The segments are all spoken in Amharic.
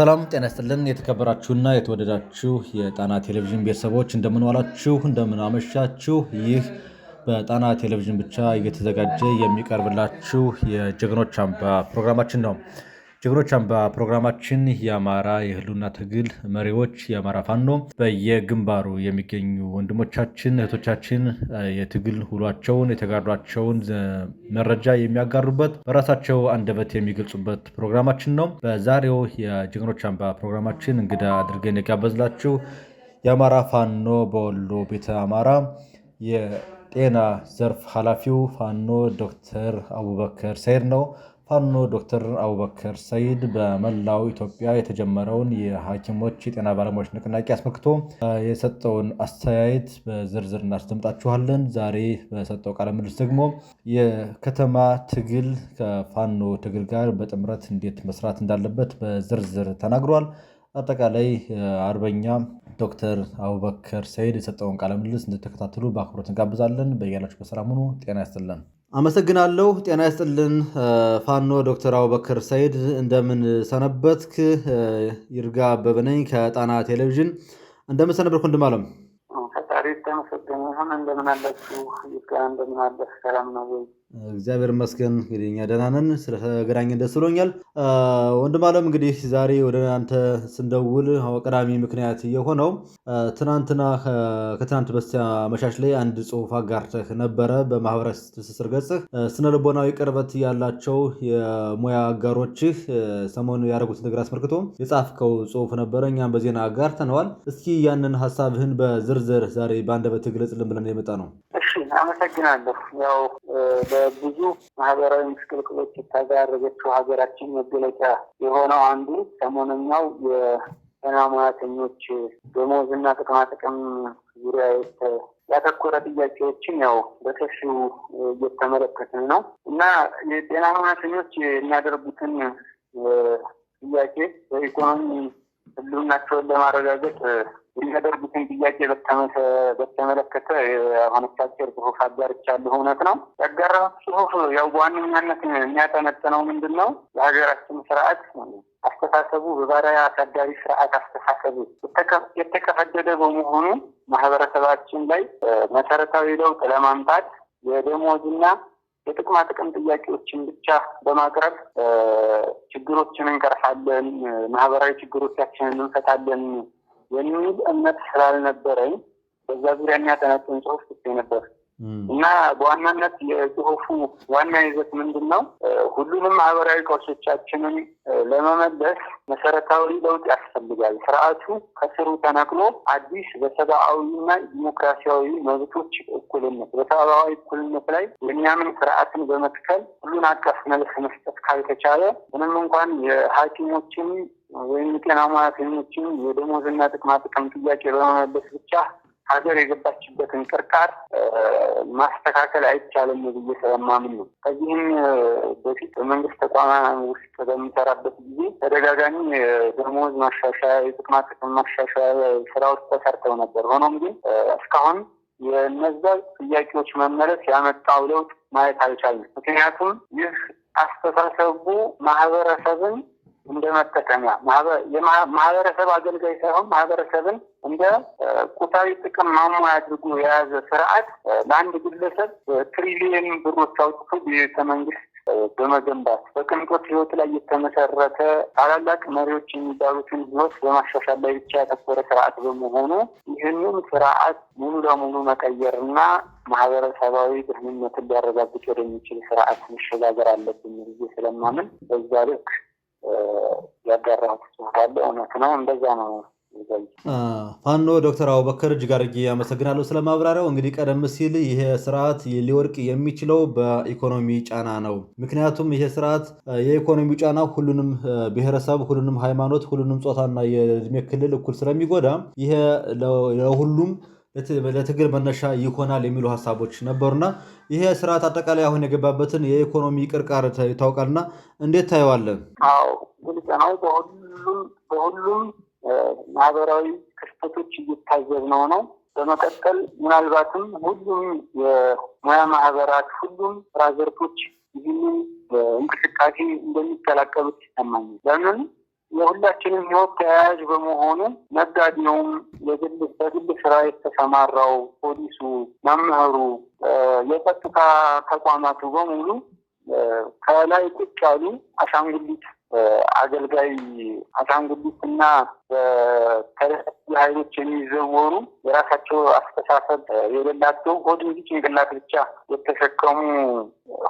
ሰላም ጤና ይስጥልን። የተከበራችሁና የተወደዳችሁ የጣና ቴሌቪዥን ቤተሰቦች እንደምንዋላችሁ፣ አመሻችሁ? ይህ በጣና ቴሌቪዥን ብቻ እየተዘጋጀ የሚቀርብላችሁ የጀግኖች አምባ ፕሮግራማችን ነው። ጀግኖች አምባ ፕሮግራማችን የአማራ የህልውና ትግል መሪዎች የአማራ ፋኖ በየግንባሩ የሚገኙ ወንድሞቻችን እህቶቻችን የትግል ውሏቸውን የተጋዷቸውን መረጃ የሚያጋሩበት በራሳቸው አንደበት የሚገልጹበት ፕሮግራማችን ነው። በዛሬው የጀግኖች አምባ ፕሮግራማችን እንግዳ አድርገን የጋበዝላችሁ የአማራ ፋኖ በወሎ ቤተ አማራ የጤና ዘርፍ ኃላፊው ፋኖ ዶክተር አቡበከር ሰይድ ነው። ፋኖ ዶክተር አቡበከር ሰይድ በመላው ኢትዮጵያ የተጀመረውን የሐኪሞች የጤና ባለሙያዎች ንቅናቄ አስመልክቶ የሰጠውን አስተያየት በዝርዝር እናስደምጣችኋለን። ዛሬ በሰጠው ቃለ ምልልስ ደግሞ የከተማ ትግል ከፋኖ ትግል ጋር በጥምረት እንዴት መስራት እንዳለበት በዝርዝር ተናግሯል። አጠቃላይ አርበኛ ዶክተር አቡበከር ሰይድ የሰጠውን ቃለ ምልልስ እንድትከታተሉ በአክብሮት እንጋብዛለን። በያላችሁ በሰላም ሁኑ። ጤና ያስጥልን። አመሰግናለሁ ጤና ይስጥልን ፋኖ ዶክተር አቡበክር ሰይድ እንደምን ሰነበትክ? ይርጋ አበበ ነኝ ከጣና ቴሌቪዥን። እንደምን ሰነበትክ ወንድም አለም? ፈጣሪ ተመሰገን ይሁን። እንደምን አላችሁ? ይርጋ እንደምን አለህ? ሰላም ነው ወይ? እግዚአብሔር ይመስገን እንግዲህ እኛ ደህና ነን። ስለተገናኘን ደስ ብሎኛል። ወንድም አለም እንግዲህ ዛሬ ወደ እናንተ ስንደውል ቀዳሚ ምክንያት የሆነው ትናንትና ከትናንት በስቲያ መሻሽ ላይ አንድ ጽሑፍ አጋርተህ ነበረ በማህበራዊ ትስስር ገጽህ። ስነ ልቦናዊ ቅርበት ያላቸው የሙያ አጋሮችህ ሰሞኑ ያደረጉትን ነገር አስመልክቶ የጻፍከው ጽሑፍ ነበረ። እኛም በዜና አጋርተነዋል። እስኪ ያንን ሀሳብህን በዝርዝር ዛሬ በአንደበት ግለጽልን ብለን የመጣ ነው። እሺ አመሰግናለሁ። ያው በብዙ ማህበራዊ ምስቅልቅሎች የተጋረጠችው ሀገራችን መገለጫ የሆነው አንዱ ሰሞነኛው የጤና ሙያተኞች ደሞዝና ጥቅማጥቅም ዙሪያ ያተኮረ ጥያቄዎችን ያው በሰፊው እየተመለከትን ነው እና የጤና ሙያተኞች የሚያደርጉትን ጥያቄ በኢኮኖሚ ህልውናቸውን ለማረጋገጥ የሚያደርጉትን ጥያቄ በተመለከተ አሁነቻቸር ጽሁፍ አጋርቻለሁ። እውነት ነው። ያጋራ ጽሁፍ ያው በዋነኛነት የሚያጠነጥነው ምንድን ነው የሀገራችን ስርዓት አስተሳሰቡ በባሪያ አሳዳሪ ስርዓት አስተሳሰቡ የተከፈደደ በመሆኑ ማህበረሰባችን ላይ መሰረታዊ ለውጥ ለማምጣት የደሞዝና የጥቅማ ጥቅም ጥያቄዎችን ብቻ በማቅረብ ችግሮችን እንቀርፋለን፣ ማህበራዊ ችግሮቻችንን እንፈታለን የሚል እምነት ስላልነበረኝ በዛ ዙሪያ የሚያጠነጥን ጽሁፍ ጽፌ ነበር። እና በዋናነት የጽሁፉ ዋና ይዘት ምንድን ነው? ሁሉንም ማህበራዊ ቆርሶቻችንን ለመመለስ መሰረታዊ ለውጥ ያስፈልጋል። ስርዓቱ ከስሩ ተነቅሎ አዲስ በሰብአዊና ዲሞክራሲያዊ መብቶች እኩልነት፣ በሰብአዊ እኩልነት ላይ የእኛምን ስርዓትን በመትከል ሁሉን አቀፍ መልስ መስጠት ካልተቻለ ምንም እንኳን የሐኪሞችን ወይም የጤና ሙያተኞችን የደሞዝና ጥቅማ ጥቅም ጥያቄ በመመለስ ብቻ ሀገር የገባችበትን ቅርቃር ማስተካከል አይቻልም ብዬ ስለማምን ነው። ከዚህም በፊት በመንግስት ተቋማት ውስጥ በምንሰራበት ጊዜ ተደጋጋሚ ደሞዝ ማሻሻያ፣ የጥቅማ ጥቅም ማሻሻያ ስራዎች ተሰርተው ነበር። ሆኖም ግን እስካሁን የነዛ ጥያቄዎች መመለስ ያመጣው ለውጥ ማየት አልቻልም። ምክንያቱም ይህ አስተሳሰቡ ማህበረሰብን እንደ መጠቀሚያ ማህበረሰብ አገልጋይ ሳይሆን ማህበረሰብን እንደ ቁታዊ ጥቅም ማሟያ አድርጎ የያዘ ስርዓት ለአንድ ግለሰብ ትሪሊየን ብሮች አውጥቶ ቤተ መንግስት በመገንባት በቅንጦት ህይወት ላይ የተመሰረተ ታላላቅ መሪዎች የሚባሉትን ህይወት በማሻሻል ላይ ብቻ ያተኮረ ስርዓት በመሆኑ ይህንን ስርዓት ሙሉ ለሙሉ መቀየርና ማህበረሰባዊ ደህንነትን ሊያረጋግጥ ወደሚችል ስርዓት መሸጋገር አለብን ስለማምን በዛ ልክ ያጋራሁት ካለ እውነት ነው። እንደዛ ነው። ፋኖ ዶክተር አቡበከር እጅግ አድርጌ አመሰግናለሁ እንግዲህ ቀደም ሲል ይሄ ስርዓት ሊወድቅ የሚችለው በኢኮኖሚ ጫና ነው። ምክንያቱም ይሄ ስርዓት የኢኮኖሚ ጫና ሁሉንም ብሔረሰብ፣ ሁሉንም ሃይማኖት፣ ሁሉንም ጾታና የእድሜ ክልል እኩል ስለሚጎዳ ይሄ ለሁሉም ለትግል መነሻ ይሆናል የሚሉ ሀሳቦች ነበሩና ይሄ ስርዓት አጠቃላይ አሁን የገባበትን የኢኮኖሚ ቅርቃር ይታወቃልና እንዴት ታየዋለን? አዎ ግልጽ ነው። በሁሉም በሁሉም ማህበራዊ ክስተቶች እየታዘብነው ነው። በመቀጠል ምናልባትም ሁሉም የሙያ ማህበራት፣ ሁሉም ስራ ዘርፎች ይህንን እንቅስቃሴ እንደሚቀላቀሉት ይሰማኛል። ለምን የሁላችንም ህይወት ተያያዥ በመሆኑ ነጋዴውም፣ በግል ስራ የተሰማራው፣ ፖሊሱ፣ መምህሩ፣ የጸጥታ ተቋማቱ በሙሉ ከላይ ቁጭ ያሉ አሻንጉሊት አገልጋይ አሻንጉሊትና በተለያዩ ኃይሎች የሚዘወሩ የራሳቸው አስተሳሰብ የሌላቸው ሆድ እንጂ ጭንቅላት ብቻ የተሸከሙ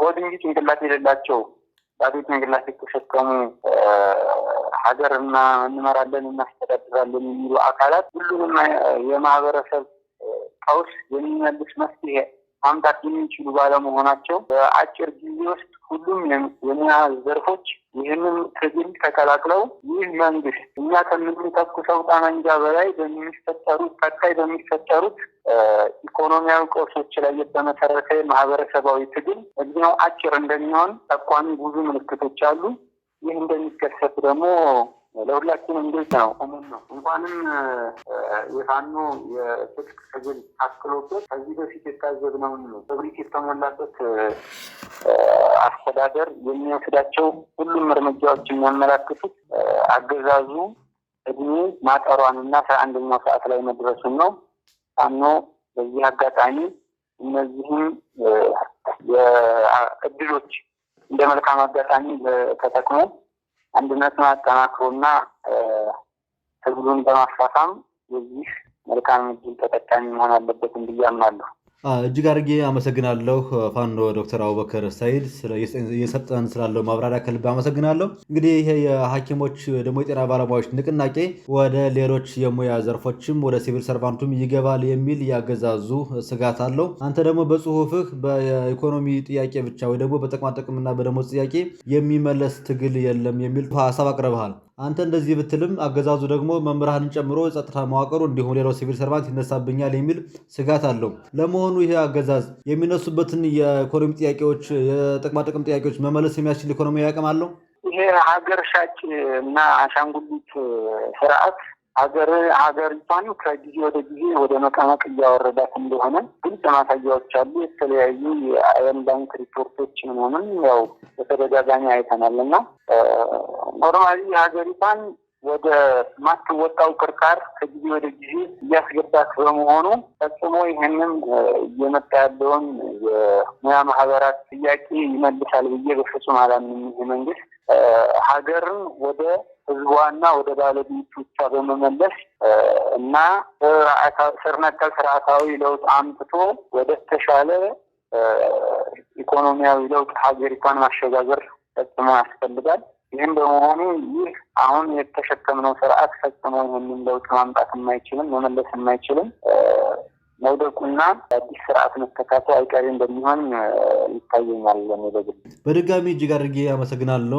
ሆድ እንጂ ጭንቅላት የሌላቸው ባዶ ጭንቅላት የተሸከሙ ሀገር እንመራለን እናስተዳድራለን የሚሉ አካላት ሁሉንም የማህበረሰብ ቀውስ የሚመልስ መፍትሄ ማምጣት የሚችሉ ባለመሆናቸው በአጭር ጊዜ ውስጥ ሁሉም የሙያ ዘርፎች ይህንን ትግል ተቀላቅለው ይህ መንግስት እኛ ከምንተኩሰው ጠመንጃ በላይ በሚፈጠሩት ቀጣይ በሚፈጠሩት ኢኮኖሚያዊ ቀውሶች ላይ የተመሰረተ ማህበረሰባዊ ትግል እዚያው አጭር እንደሚሆን ጠቋሚ ብዙ ምልክቶች አሉ። ይህ እንደሚከሰት ደግሞ ለሁላችን እንዴት ነው ኮመን ነው። እንኳንም የፋኖ የትጥቅ ትግል ታክሎበት ከዚህ በፊት የታዘብነውን በብሪት የተሞላበት አስተዳደር የሚወስዳቸው ሁሉም እርምጃዎች የሚያመላክቱት አገዛዙ እድሜ ማጠሯን እና ከአንደኛው ሰዓት ላይ መድረሱን ነው። ፋኖ በዚህ አጋጣሚ እነዚህም የእድሎች እንደ መልካም አጋጣሚ ተጠቅሞ አንድነትን አጠናክሮና ህዝቡን በማፋፋም የዚህ መልካም እድል ተጠቃሚ መሆን አለበት ብዬ አምናለሁ። እጅግ አድርጌ አመሰግናለሁ ፋኖ ዶክተር አቡበከር ሰይድ የሰጠን ስላለው ማብራሪያ ከልብ አመሰግናለሁ። እንግዲህ ይሄ የሐኪሞች ደግሞ የጤና ባለሙያዎች ንቅናቄ ወደ ሌሎች የሙያ ዘርፎችም ወደ ሲቪል ሰርቫንቱም ይገባል የሚል ያገዛዙ ስጋት አለው። አንተ ደግሞ በጽሁፍህ በኢኮኖሚ ጥያቄ ብቻ ወይ ደግሞ በጥቅማጥቅምና በደሞዝ ጥያቄ የሚመለስ ትግል የለም የሚል ሀሳብ አቅርበሃል። አንተ እንደዚህ ብትልም አገዛዙ ደግሞ መምህራንን ጨምሮ የጸጥታ መዋቅሩ እንዲሁም ሌላው ሲቪል ሰርቫንት ይነሳብኛል የሚል ስጋት አለው። ለመሆኑ ይህ አገዛዝ የሚነሱበትን የኢኮኖሚ ጥያቄዎች፣ የጥቅማጥቅም ጥያቄዎች መመለስ የሚያስችል ኢኮኖሚ ያቅም አለው? ይሄ ሀገር ሻጭ እና አሻንጉሊት ስርዓት ሀገር ሀገሪቷን ከጊዜ ወደ ጊዜ ወደ መቀመቅ እያወረዳት እንደሆነ ግልጽ ማሳያዎች አሉ። የተለያዩ የአለም ባንክ ሪፖርቶች ምንሆንም ያው በተደጋጋሚ አይተናል እና ኖርማሊ ሀገሪቷን ወደ ማትወጣው ቅርቃር ከጊዜ ወደ ጊዜ እያስገባት በመሆኑ ፈጽሞ ይህንም እየመጣ ያለውን የሙያ ማህበራት ጥያቄ ይመልሳል ብዬ በፍጹም አላምንም። ይህ መንግስት ሀገርን ወደ ህዝቧና ወደ ባለቤቱ ብቻ በመመለስ እና ስር ነቀል ስርዓታዊ ለውጥ አምጥቶ ወደ ተሻለ ኢኮኖሚያዊ ለውጥ ሀገሪቷን ማሸጋገር ፈጽሞ ያስፈልጋል። ይህም በመሆኑ ይህ አሁን የተሸከምነው ስርዓት ፈጽሞ ይህንን ለውጥ ማምጣት የማይችልም መመለስ የማይችልም መውደቁና አዲስ ስርዓት መተካቱ አይቀሬ እንደሚሆን ይታየኛል። በግል በድጋሚ እጅግ አድርጌ አመሰግናለሁ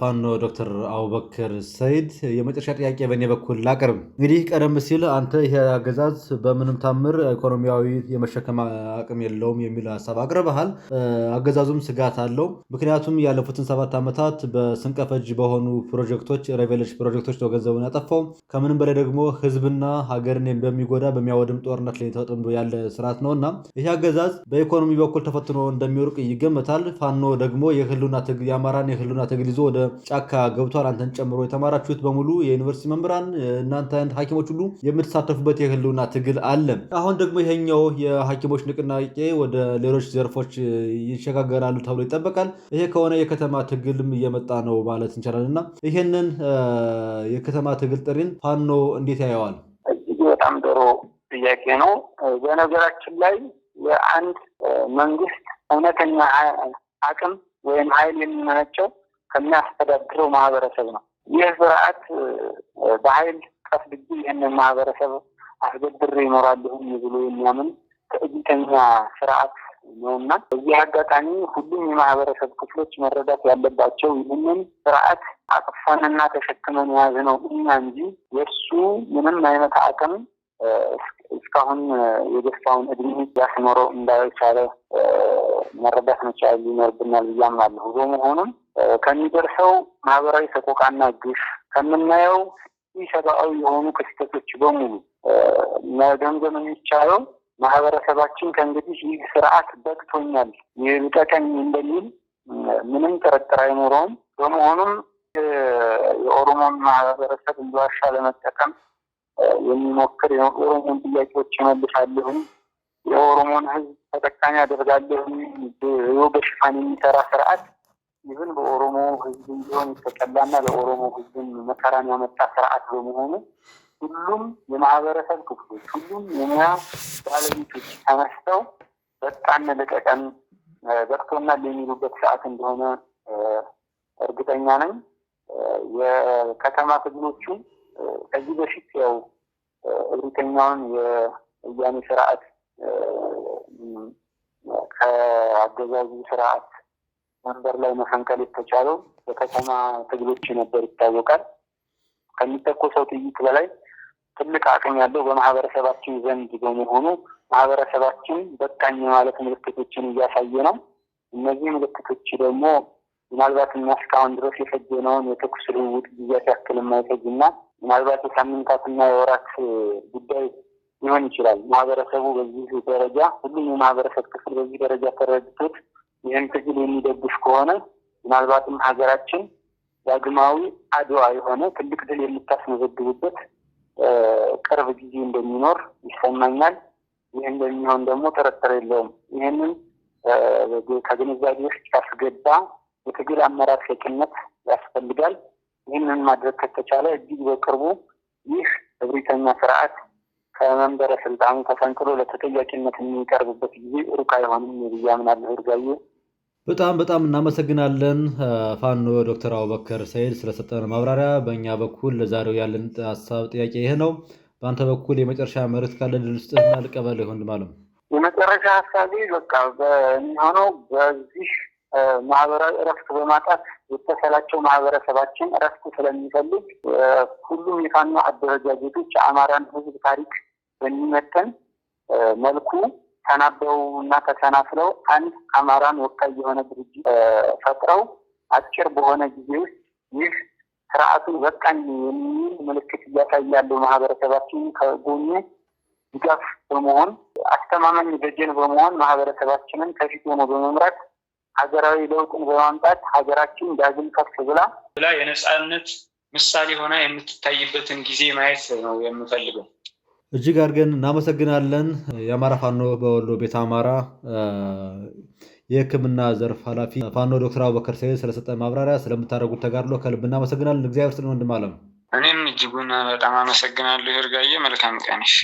ፋኖ ዶክተር አቡበክር ሰይድ። የመጨረሻ ጥያቄ በእኔ በኩል ላቅርብ። እንግዲህ ቀደም ሲል አንተ ይህ አገዛዝ በምንም ታምር ኢኮኖሚያዊ የመሸከም አቅም የለውም የሚል ሀሳብ አቅርበሃል። አገዛዙም ስጋት አለው። ምክንያቱም ያለፉትን ሰባት ዓመታት በስንቀፈጅ በሆኑ ፕሮጀክቶች፣ ሬቬሌሽ ፕሮጀክቶች ነው ገንዘቡን ያጠፋው። ከምንም በላይ ደግሞ ህዝብና ሀገርን በሚጎዳ በሚያወድም ጦርነት ላይ ተጠምዶ ያለ ስርዓት ነው እና ይህ አገዛዝ በኢኮኖሚ በኩል ተፈትኖ እንደሚወርቅ ይገመታል። ፋኖ ደግሞ የህልውና ትግል የአማራን የህልውና ትግል ይዞ ወደ ጫካ ገብቷል። አንተን ጨምሮ የተማራችሁት በሙሉ የዩኒቨርሲቲ መምህራን፣ እናንተ ሐኪሞች ሁሉ የምትሳተፉበት የህልውና ትግል አለ። አሁን ደግሞ ይሄኛው የሐኪሞች ንቅናቄ ወደ ሌሎች ዘርፎች ይሸጋገራሉ ተብሎ ይጠበቃል። ይሄ ከሆነ የከተማ ትግልም እየመጣ ነው ማለት እንችላለን እና ይሄንን የከተማ ትግል ጥሪን ፋኖ እንዴት ያየዋል? እጅግ በጣም ጥሩ ጥያቄ ነው። በነገራችን ላይ የአንድ መንግስት እውነተኛ አቅም ወይም ኃይል የሚመነጨው ከሚያስተዳድረው ማህበረሰብ ነው። ይህ ስርዓት በኃይል ቀስድጅ ይህንን ማህበረሰብ አስገድር ይኖራል ብሎ የሚያምን ትዕቢተኛ ስርዓት ነውና በዚህ አጋጣሚ ሁሉም የማህበረሰብ ክፍሎች መረዳት ያለባቸው ይህንን ስርዓት አቅፋንና ተሸክመን የያዝነው እኛ እንጂ የእርሱ ምንም አይነት አቅም እስካሁን የደስታውን እድሜ ያስኖሮ እንዳልቻለ መረዳት መቻል ይኖርብናል ብዬ አምናለሁ። በመሆኑም ከሚደርሰው ማህበራዊ ሰቆቃና ግፍ ከምናየው ሰብአዊ የሆኑ ክስተቶች በሙሉ መገምገም የሚቻለው ማህበረሰባችን ከእንግዲህ ይህ ስርዓት በቅቶኛል፣ ይልቀቀኝ እንደሚል ምንም ጥርጥር አይኖረውም። በመሆኑም የኦሮሞን ማህበረሰብ እንዲዋሻ ለመጠቀም የሚሞክር የኦሮሞን ጥያቄዎች ይመልሳለሁ የኦሮሞን ህዝብ ተጠቃሚ አደርጋለሁ ብሎ በሽፋን የሚሰራ ስርዓት ይህን በኦሮሞ ህዝብ ቢሆን የተጠላና ለኦሮሞ ህዝብን መከራን ያመጣ ስርዓት በመሆኑ ሁሉም የማህበረሰብ ክፍሎች ሁሉም የሙያ ባለቤቶች ተነስተው በጣም ለቀቀን በቅቶናል የሚሉበት ሰዓት እንደሆነ እርግጠኛ ነኝ። የከተማ ትግሎቹ ከዚህ በፊት ያው እብሪተኛውን የወያኔ ስርዓት ከአገዛዙ ስርዓት መንበር ላይ መፈንቀል የተቻለው በከተማ ትግሎች ነበር ይታወቃል። ከሚተኮሰው ጥይት በላይ ትልቅ አቅም ያለው በማህበረሰባችን ዘንድ በመሆኑ ማህበረሰባችን በቃኝ ማለት ምልክቶችን እያሳየ ነው። እነዚህ ምልክቶች ደግሞ ምናልባት እኛ እስካሁን ድረስ የፈጀነውን የተኩስ ልውውጥ ጊዜ ሲያክል የማይፈጅና ምናልባት የሳምንታትና የወራት ጉዳይ ሊሆን ይችላል። ማህበረሰቡ በዚህ ደረጃ ሁሉም የማህበረሰብ ክፍል በዚህ ደረጃ ተረድቶት ይህን ትግል የሚደግፍ ከሆነ ምናልባትም ሀገራችን ዳግማዊ አድዋ የሆነ ትልቅ ድል የምታስመዘግብበት ቅርብ ጊዜ እንደሚኖር ይሰማኛል። ይህ እንደሚሆን ደግሞ ጥርጥር የለውም። ይህንን ከግንዛቤ ውስጥ ያስገባ የትግል አመራር ሸቅነት ያስፈልጋል። ይህንን ማድረግ ከተቻለ እጅግ በቅርቡ ይህ እብሪተኛ ስርዓት ከመንበረ ስልጣኑ ተፈንቅሎ ለተጠያቂነት የሚቀርብበት ጊዜ ሩቅ አይሆንም ብዬ አምናለሁ። እርጋዬ በጣም በጣም እናመሰግናለን ፋኖ ዶክተር አቡበከር ሰይድ ስለሰጠን ማብራሪያ። በእኛ በኩል ለዛሬው ያለን ሀሳብ ጥያቄ ይሄ ነው። በአንተ በኩል የመጨረሻ መርት ካለ ልንስጥህና ልቀበል ይሆን ማለት የመጨረሻ ሀሳቤ በቃ በሚሆነው በዚህ ማህበራዊ እረፍት በማጣት የተሰላቸው ማህበረሰባችን እረፍት ስለሚፈልግ ሁሉም የፋኖ አደረጃጀቶች የአማራን ህዝብ ታሪክ በሚመጠን መልኩ ተናበው እና ተሰናፍለው አንድ አማራን ወካይ የሆነ ድርጅት ፈጥረው አጭር በሆነ ጊዜ ውስጥ ይህ ስርዓቱን በቃኝ የሚል ምልክት እያሳየ ያለው ማህበረሰባችን ከጎኑ ድጋፍ በመሆን አስተማማኝ ደጀን በመሆን ማህበረሰባችንን ከፊት ሆኖ በመምራት ሀገራዊ ለውጥን በማምጣት ሀገራችን ዳግም ከፍ ብላ ብላ የነፃነት ምሳሌ ሆና የምትታይበትን ጊዜ ማየት ነው የምፈልገው። እጅግ አድርገን እናመሰግናለን። የአማራ ፋኖ በወሎ ቤት አማራ የሕክምና ዘርፍ ኃላፊ ፋኖ ዶክተር አቡበከር ሰይድ ስለሰጠ ማብራሪያ ስለምታደርጉት ተጋድሎ ከልብ እናመሰግናለን። እግዚአብሔር ስጥልን ወንድም አለም። እኔም እጅጉን በጣም አመሰግናለሁ ይርጋዬ። መልካም ቀንሽ።